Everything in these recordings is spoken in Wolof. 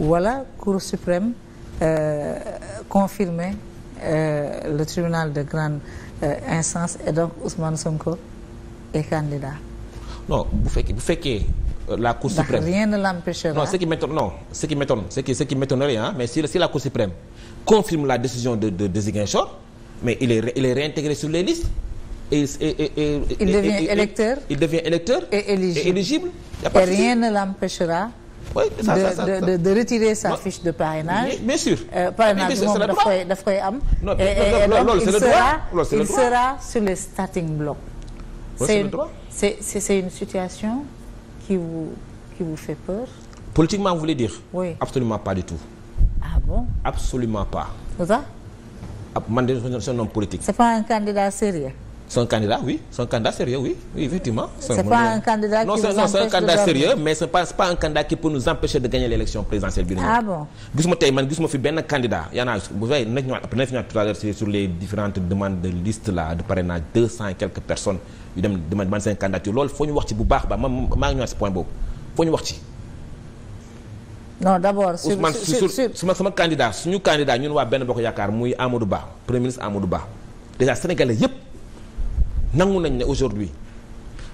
wala Cour suprême euh, confirmer euh, le tribunal de grande euh, instance et donc Ousmane Sonko est candidat. non bu fekkee bu fekkee. Euh, la Cour suprême rien ne l'empêchera. non ce qui m'étonne non ce qui m'étonne ce qui ce mais si la Cour suprême confirme la décision de de de Ziguinchor mais il est il est réintégré sur les listes. Et, et, et, il devient électeur. et éligible. Et rien ne l'empêchera. oui de, ça ça de de sa fiche de parrainage. bien sûr euh, parrainage moom daf koy daf koy am. non il sera sur les starting blocks. c'est une situation qui vous qui fait peur. politiquement vous voulez dire. absolument pas du tout. ah bon absolument pas. c'est ça. ab ah, son homme politique. c'est pas un candidat sérieux. C'est un candidat, oui. C'est un candidat sérieux, oui. oui effectivement. C'est pas un, un candidat non, qui non, c'est un candidat sérieux, mais ce n'est pas, pas un candidat qui peut nous empêcher de gagner l'élection présidentielle bi ah bon gisuma tey man gisuma fi benn candidat yaa naa bu fay nañ ñëwaat après nañ ñëwaat tout à l'heure sur les différentes demandes de liste là de parrainage deux cent et quelques personnes yu dem demande seen candidature loolu foo ñu wax ci bu baax ba ma maa ngi ñëwaat si point boobu foo ñu wax ci non d'abord sur Ousmane suma sama candidat suñu candidat ñun waa benn bokk yaakaar muy Amadou Ba premier ministre Amadou Ba déjà sénégalais yépp nangu nañ ne aujourd'hui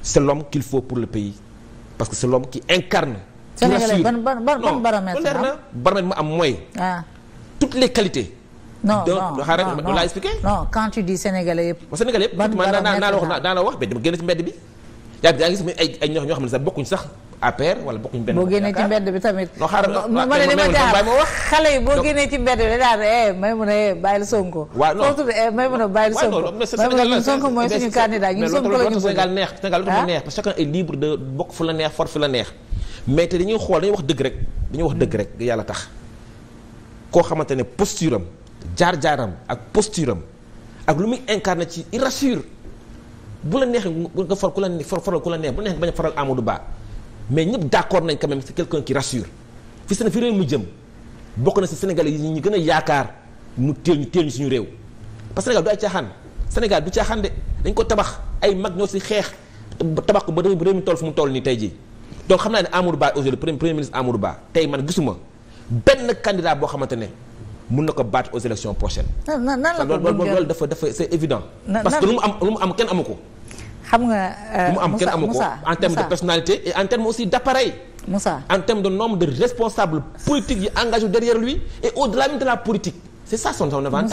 c'est l'homme qu'il faut pour le pays parce que c'est l'homme qui incarne Sénégalais ban ban ban baromètre la am baromètre am mooy. ah toutes les qualités. non non non non non laa expliqué. non quand tu dis sénégalais yëpp. ban sénégalais yëpp man naa la wax naa la wax mais dama génn ci mbedd bi yaa ngi gis ay ay ñoo xam ne sax bokkuñ sax. APR wala bokkuñ benn. boo génnee ci mbedd bi tamit. non xaaral ma ma wax. xale yi boo génnee ci mbedd bi daal eh may mun a eh, bàyyil Sonko. waaw non surtout eh may mun a bàyyil Sonko. waaw non Sonko mooy suñu candidat ñun Sonko la ñu Sénégal neex for fu neex mais te dañuy xool dañuy wax dëgg rek dañuy wax dëgg rek yàlla tax koo xamante ne posture am jaar-jaaram ak posture ak lu muy incarné ci il rassure bu la neexee nga for ku la for faral ku la neex bu la neexee bañ a faral Amadou Ba mais ñëpp d'accord nañ quand si c'est quelqu'un qui rassure fi seen fi réew mi jëm bokk na si Sénégalais yi ñu gën a yaakaar mu teel ñu teel ñu suñu réew parce que Sénégal du ay caaxaan Sénégal du caaxaan de dañ ko tabax ay mag ñoo si xeex tabax ko ba réew mi toll fu mu toll nii tey jii donc xam naa ne Amadou Ba aujourd'hui premier ministre Amadou Ba tey man gisuma benn candidat boo xamante ne mun na ko battre aux élections prochaines. la loolu dafa dafa c'est évident. parce que am mu am kenn amu ko. xam nga euh, mu am kenn amu ko en terme de personnalité et en terme aussi d'appareil Moussa en terme de nombre de responsables politiques yi engagés derrière lui et au-delà même la politique c'est ça son avantage